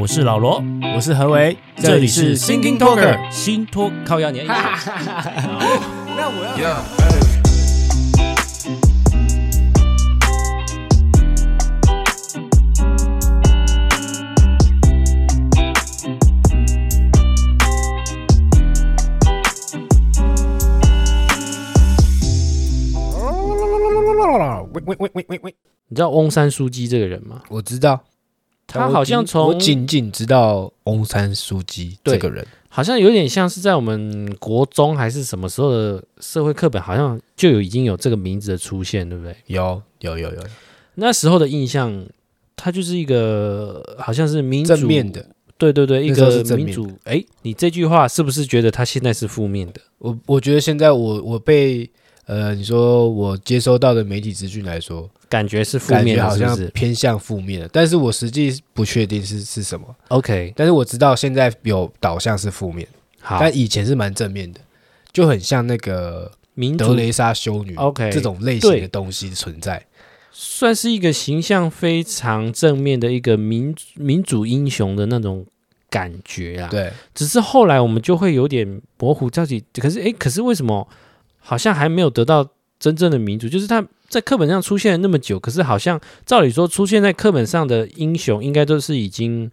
我是老羅，我是何為，這裡是 Thinking Talker 辛托客壓年。那我要。喂喂喂喂，你知道翁山蘇姬這個人嗎？我知道。他好像從我僅僅知道翁山蘇姬這個人，好像有點像是在我們國中還是什麼時候的社會課本，好像就有已經有這個名字的出現，對不對？有有有有，那時候的印象，他就是一個好像是民主的，對對對，對，一個民主。哎，你這句話是不是覺得他現在是負面的？我我覺得現在我我被。呃，你說我接收到的媒體資訊來說，感覺是負面，感覺好像偏向負面是是，但是我實際不確定是是什麼。OK，但是我知道現在有導向是負面，好，但以前是蠻正面的，就很像那個民，德蕾莎修女 OK 這種類型的東西存在，算是一個形象非常正面的一個民民主英雄的那種感覺啦，啊。對，只是後來我們就會有點模糊到底，可是哎，可是為什麼？好像還沒有得到真正的民主，就是他在課本上出現了那麼久，可是好像照理說出現在課本上的英雄，應該都是已經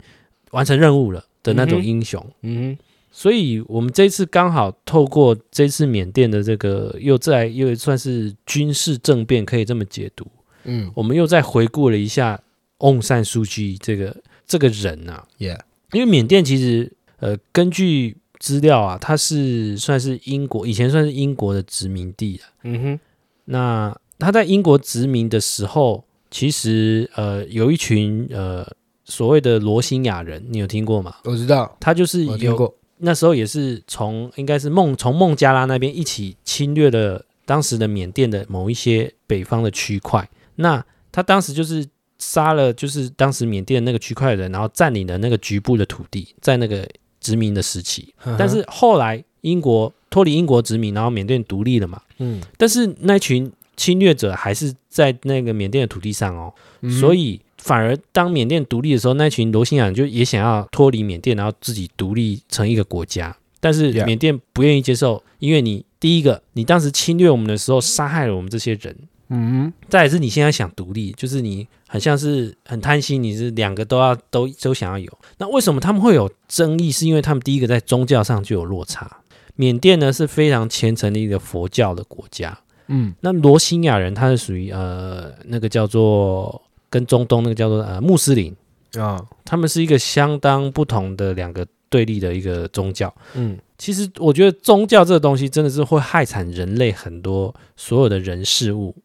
完成任務了的那種英雄。嗯，嗯，所以我們這一次剛好透過這次緬甸的這個又在又算是軍事政變，可以這麼解讀。嗯，我們又再回顧了一下翁山蘇姬這個這個人吶、啊，yeah. 因為緬甸其實呃根據。資料啊，他是算是英國以前算是英國的殖民地的。嗯哼，那他在英國殖民的時候，其實呃，有一群呃所謂的羅興亞人，你有聽過嗎？我知道，他就是有。那時候也是從應該是孟從孟加拉那邊一起侵略了當時的緬甸的某一些北方的區塊。那他當時就是殺了，就是當時緬甸的那個區塊的人，然後占領了那個局部的土地，在那個。殖民的時期，但是後來英國脫離英國殖民，然後緬甸獨立了嘛。嗯，但是那群侵略者還是在那個緬甸的土地上哦，嗯、所以反而當緬甸獨立的時候，那群羅興亞就也想要脫離緬甸，然後自己獨立成一個國家，但是緬甸不願意接受，嗯、因為你第一個你當時侵略我們的時候，殺害了我們這些人。嗯哼，再也是你現在想獨立，就是你很像是很貪心，你是兩個都要都都想要有。那為什麼他們會有爭議？是因為他們第一個在宗教上就有落差。緬甸呢是非常虔誠的一個佛教的國家，嗯，那羅興亞人他是屬於呃那個叫做跟中東那個叫做呃穆斯林啊、哦，他們是一個相當不同的兩個對立的一個宗教。嗯，其實我覺得宗教這個東西真的是會害慘人類很多所有的人事物。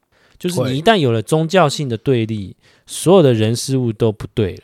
就是你一旦有了宗教性的對立對，所有的人事物都不對了。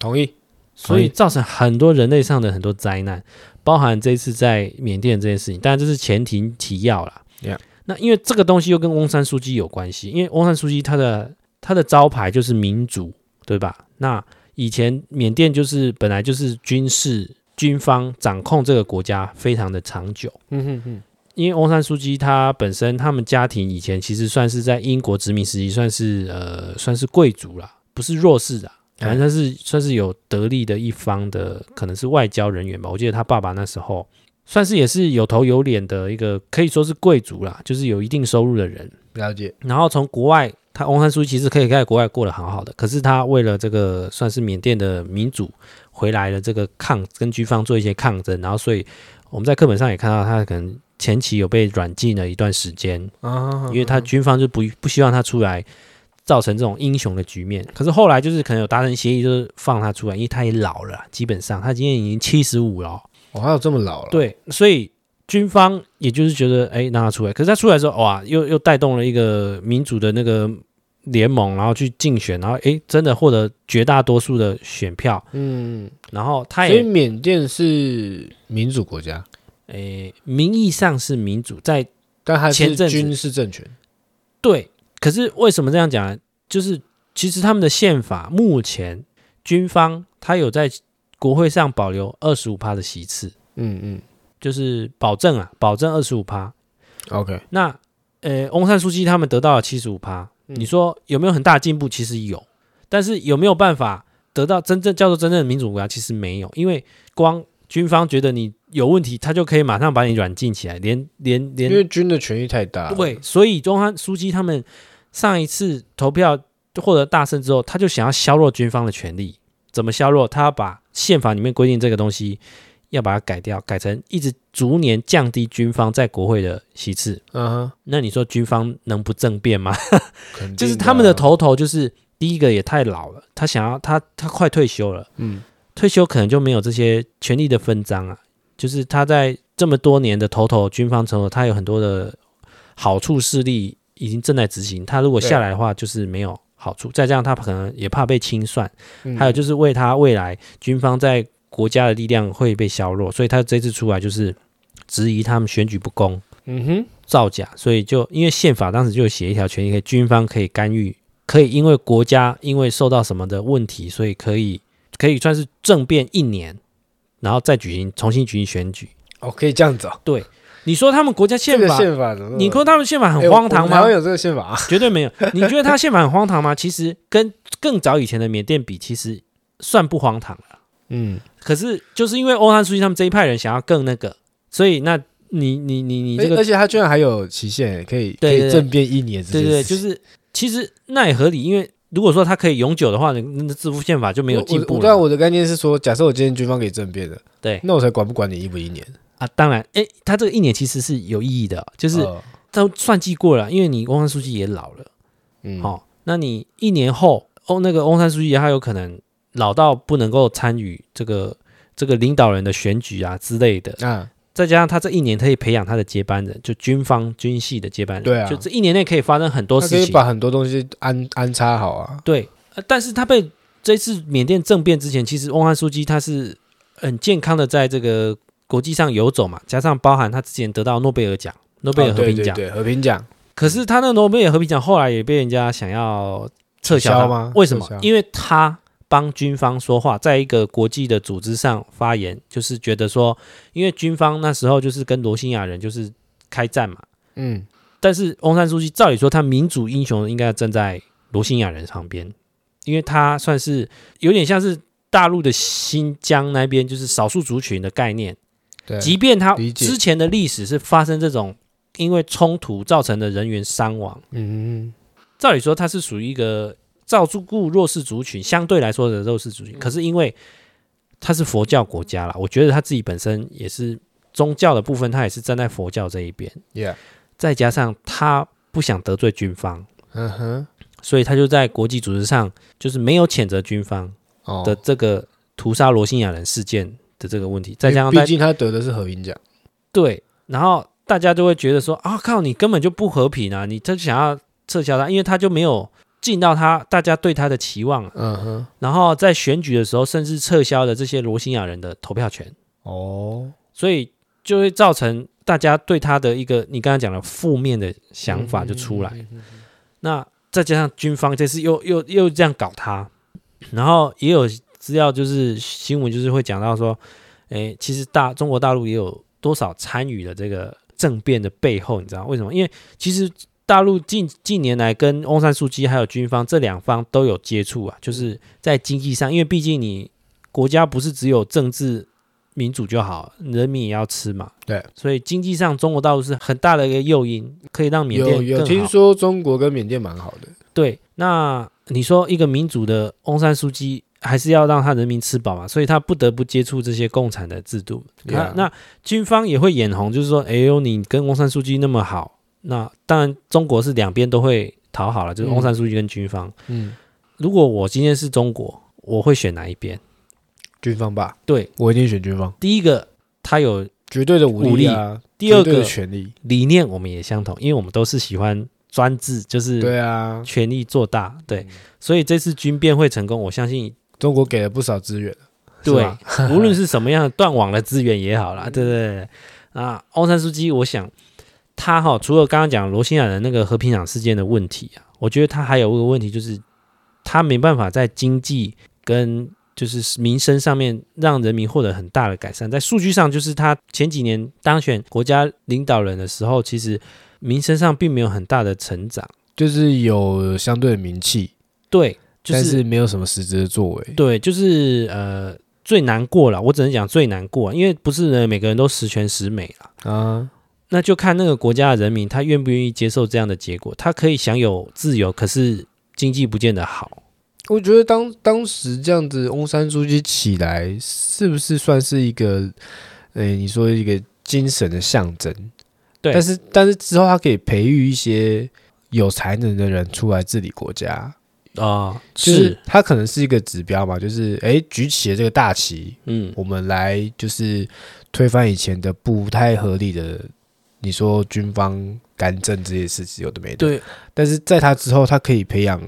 同意。所以造成很多人類上的很多災難，包含這次在緬甸這件事情。當然這是前提提要了、嗯。那因為這個東西又跟翁山蘇姬有關係，因為翁山蘇姬他的他的招牌就是民主，對吧？那以前緬甸就是本來就是軍事軍方掌控這個國家非常的長久。嗯哼哼。因為翁山蘇姬他本身，他們家庭以前其實算是在英國殖民時期，算是呃算是貴族啦，不是弱勢的，反正他是算是有得力的一方的，可能是外交人員吧。我記得他爸爸那時候算是也是有頭有臉的一個，可以說是貴族啦，就是有一定收入的人。了解。然後從國外，他翁山蘇姬其實可以在國外過得很好的，可是他為了這個算是緬甸的民主，回來了這個抗跟軍方做一些抗爭，然後所以我們在課本上也看到他可能。前期有被軟禁了一段時間啊，因為他軍方就不不希望他出來，造成這種英雄的局面。可是後來就是可能有達成協議，就是放他出來，因為他也老了，基本上他今年已經七十五了。哇，他有這麼老了？對，所以軍方也就是覺得，哎，讓他出來。可是他出來的時候，哇，又又帶動了一個民主的那個聯盟，然後去競選，然後哎、欸，真的獲得絕大多數的選票。嗯，然後他也嗯，所以緬甸是民主國家？誒、呃，名義上是民主，在前但還是軍事政權。對，可是為什麼這樣講呢？就是其實他們的憲法目前軍方他有在國會上保留二十五趴的席次。嗯嗯，就是保證啊，保證二十五趴。OK，、嗯、那呃，翁山蘇姬他們得到了七十五趴。你說有沒有很大進步？其實有，但是有沒有辦法得到真正叫做真正的民主國家？其實沒有，因為光軍方覺得你。有問題，他就可以馬上把你軟禁起來，連連連。因為軍的權力太大。對，所以中央蘇姬他們上一次投票就獲得大勝之後，他就想要削弱軍方的權力。怎麼削弱？他要把憲法裡面規定這個東西要把它改掉，改成一直逐年降低軍方在國會的席次。嗯哼，那你說軍方能不政變嗎？ 肯定的啊、就是他們的頭頭，就是第一個也太老了，他想要他他快退休了，嗯，退休可能就沒有這些權力的分贓啊。就是他在這麼多年的頭頭軍方成為他有很多的好處勢力已經正在執行。他如果下來的話，就是沒有好處。再這樣，他可能也怕被清算。還有就是為他未來軍方在國家的力量會被削弱，所以他這次出來就是質疑他們選舉不公，嗯哼、造假。所以就因為憲法當時就寫一條權利，給軍方可以干預，可以因為國家因為受到什麼的問題，所以可以可以算是政變一年。然後再舉行重新舉行選舉，哦，可以這樣子、哦、對，你說他們國家憲法，憲、這個、法說，你說他們憲法很荒唐嗎？沒、欸、有這個憲法、啊，絕對沒有。你覺得他憲法很荒唐嗎？ 其實跟更早以前的緬甸比，其實算不荒唐了。嗯，可是就是因為翁山蘇姬他們這一派人想要更那個，所以那你你你你，你這個、欸，而且他居然還有期限，可以可以政變一年，對對，對、對對對，就是其實那也合理，因為。如果說他可以永久的話，那那這部憲法就沒有進步了。我知道我，我的概念是說，假設我今天軍方給政變了，對，那我才管不管你一不一年啊。當然，哎，他這個一年其實是有意義的，就是他、呃、算計過了，因為你翁山蘇姬也老了，嗯，好、哦，那你一年後，翁、哦、那個翁山蘇姬他有可能老到不能夠參與這個這個領導人的選舉啊之類的，嗯、啊。再加上他這一年可以培養他的接班人，就軍方軍系的接班人。對啊，就這一年內可以發生很多事情，可以把很多東西安安插好啊。對，呃、但是他被這次緬甸政變之前，其實翁山蘇姬他是很健康的在這個國際上游走嘛。加上包含他之前得到諾貝爾獎，諾貝爾和平獎，哦、對，對，對，和平獎、嗯。可是他那諾貝爾和平獎後來也被人家想要撤銷嗎？為什麼？因為他幫軍方說話，在一個國際的組織上發言，就是覺得說，因為軍方那時候就是跟羅興亞人就是開戰嘛，嗯，但是翁山蘇姬照理說，他民主英雄應該站在羅興亞人旁邊，因為他算是有點像是大陸的新疆那邊，就是少數族群的概念，對，即便他之前的歷史是發生這種因為衝突造成的人員傷亡，嗯，嗯，照理說他是屬於一個。照顧弱勢族群，相對來說的弱勢族群，可是因為他是佛教國家了，我覺得他自己本身也是宗教的部分，他也是站在佛教這一邊。Yeah. 再加上他不想得罪軍方，嗯哼，所以他就在國際組織上就是沒有譴責軍方的這個屠殺羅興亞人事件的這個問題。再加上，畢竟他得的是和平獎，對，然後大家就會覺得說啊靠你，你根本就不和平啊，你真想要撤銷他，因為他就沒有。進到他，大家對他的期望，嗯、uh-huh. 然後在選舉的時候，甚至撤銷了這些羅興亞人的投票權，哦、oh，所以就會造成大家對他的一個你剛才講的負面的想法就出來。Uh-huh. 那再加上軍方這次又又又這樣搞他，然後也有資料，就是新聞就是會講到說，誒，其實大中國大陸也有多少參與了這個政變的背後，你知道為什麼？因為其實。大陸近近年來跟翁山蘇姬還有軍方這兩方都有接觸啊，就是在經濟上，因為畢竟你國家不是只有政治民主就好，人民也要吃嘛。對，所以經濟上中國大陸是很大的一個誘因，可以讓緬甸有聽說中國跟緬甸蠻好的。對，那你說一個民主的翁山蘇姬還是要讓他人民吃飽嘛，所以他不得不接觸這些共產的制度。那那軍方也會眼紅，就是說，哎呦，你跟翁山蘇姬那麼好。那當然，中國是兩邊都會討好了，就是翁山蘇姬跟軍方嗯。嗯，如果我今天是中國，我會選哪一邊？軍方吧。對，我一定選軍方。第一個，他有絕對的武力啊。第二個，權力理念我們也相同，因為我們都是喜歡專制，就是對啊，權力做大對啊。對，所以這次軍變會成功，我相信中國給了不少資源，對，無論是什麼樣斷網的資源也好啦。對不對，對，對？啊，翁山蘇姬，我想。他哈，除了剛剛講羅興亞的那個和平獎事件的問題啊，我覺得他還有一個問題，就是他沒辦法在經濟跟就是民生上面讓人民獲得很大的改善。在數據上，就是他前幾年當選國家領導人的時候，其實民生上並沒有很大的成長，就是有相對的名氣，對，就是、但是沒有什麼實質的作為。對，就是呃，最難過了。我只能講最難過，因為不是呢每個人都十全十美了啊。那就看那個國家的人民，他願不願意接受這樣的結果。他可以享有自由，可是經濟不見得好。我覺得當當時這樣子，翁山蘇姬起來，是不是算是一個，誒、欸？你說一個精神的象徵？對。但是，但是之後他可以培育一些有才能的人出來治理國家啊、呃，就是他可能是一個指標嘛，就是誒、欸，舉起了這個大旗，嗯，我們來就是推翻以前的不太合理的。你說軍方干政這些事情有的沒的？對。但是在他之後，他可以培養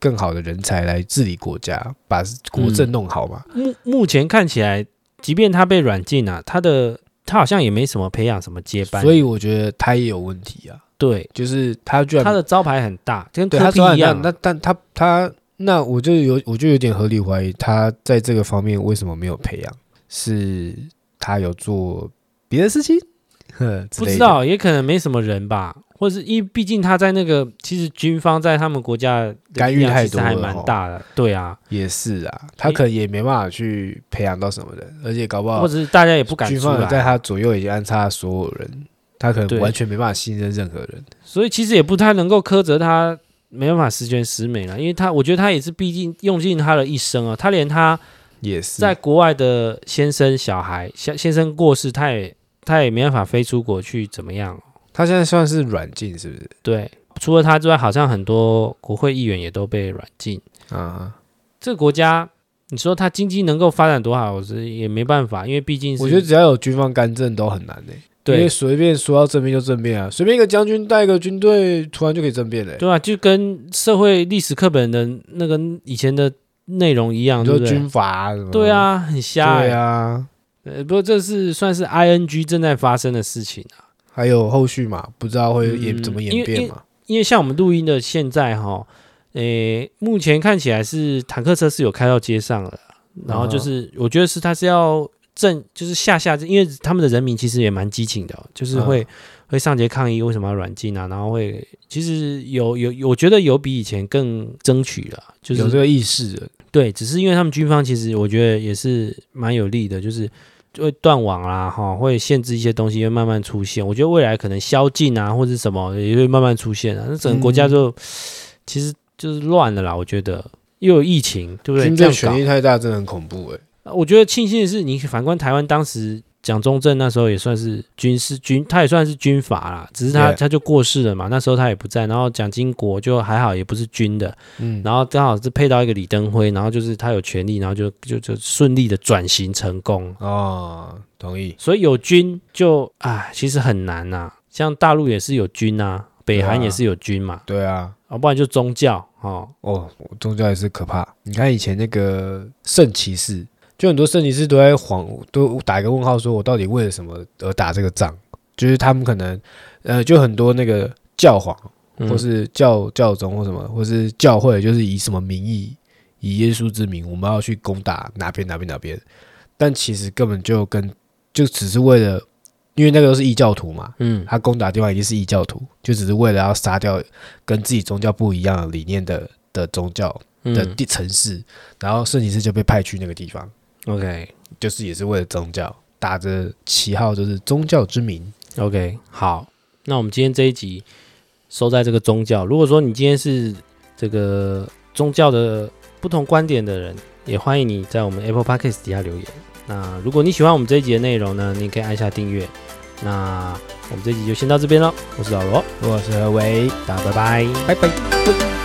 更好的人才來治理國家，把國政弄好嘛，目、嗯、目前看起來，即便他被軟禁啊，他的他好像也沒什麼培養什麼接班。所以我覺得他也有問題啊。對，就是他居然他的招牌很大，跟他招牌一樣。那但他他那我就有我就有點合理懷疑，他在這個方面為什麼沒有培養？是他有做別的事情？不知道，也可能沒什麼人吧，或者是因為畢竟他在那個，其實軍方在他們國家干預其實還蠻大的。對啊，也是啊，他可能也沒辦法去培養到什麼人、欸，而且搞不好或者是大家也不敢。軍方在他左右已經安插所有人，他可能完全沒辦法信任任何人。所以其實也不太能夠苛責他，沒辦法十全十美了，因為他我覺得他也是，畢竟用盡他的一生啊，他連他也是在國外的先生小孩，先先生過世，他也。他也沒辦法飛出國去怎麼樣？他現在算是軟禁是不是？對，除了他之外，好像很多國會議員也都被軟禁啊。這個國家，你說他經濟能夠發展多好，我是也沒辦法，因為畢竟是我覺得只要有軍方干政都很難呢、欸。對，隨便說要政變就政變啊，隨便一個將軍帶一個軍隊突然就可以政變嘞，對啊，就跟社會歷史課本的那個以前的內容一樣，就是軍閥、啊，對啊，很瞎，對啊。呃，不過這是算是 I N G 正在發生的事情啊，還有後續嘛，不知道會演怎麼演變嘛、嗯？因為像我們錄音的現在哈，誒、欸，目前看起來是坦克車是有開到街上了，然後就是我覺得是他是要正就是下下正，因為他們的人民其實也蠻激情的、喔，就是會、嗯、會上街抗議為什麼要軟禁啊，然後會其實有有我覺得有比以前更爭取了，就是有這個意識的，對，只是因為他們軍方其實我覺得也是蠻有利的，就是。就會斷網啦，哈，會限制一些東西，會慢慢出現。我覺得未來可能宵禁啊，或者什麼也會慢慢出現啊。那整個國家就、嗯、其實就是亂了啦。我覺得又有疫情，對不對？軍政權力太大，真的很恐怖誒、欸。我覺得慶幸的是，你反觀台灣當時。蔣中正那時候也算是軍事軍，他也算是軍閥啦，只是他、Yeah. 他就過世了嘛，那時候他也不在。然後蔣經國就還好，也不是軍的，嗯，然後剛好是配到一個李登輝、嗯，然後就是他有權力，然後就就就順利的轉型成功哦，同意。所以有軍就啊，其實很難吶、啊。像大陸也是有軍吶、啊，北韓也是有軍嘛，對啊，要、啊、不然就宗教哦哦，宗教也是可怕。你看以前那個聖騎士。就很多聖騎士都在晃，都打一個問號，說我到底為了什麼而打這個仗？就是他們可能，呃，就很多那個教皇，或是教教宗或什麼，或是教會，就是以什麼名義，以耶穌之名，我們要去攻打哪邊哪邊哪邊，但其實根本就跟就只是為了，因為那個都是異教徒嘛，嗯，他攻打的地方已經是異教徒，就只是為了要殺掉跟自己宗教不一樣的理念的的宗教的地城市，然後聖騎士就被派去那個地方。OK，就是也是為了宗教，打着旗號就是宗教之名。OK，好，那我們今天這一集收在這個宗教。如果說你今天是這個宗教的不同觀點的人，也歡迎你在我們 Apple Podcast 底下留言。那如果你喜歡我們這一集的內容呢，你可以按下訂閱。那我們這一集就先到這邊嘍。我是老羅，我是何維，大家拜拜，拜拜。拜拜。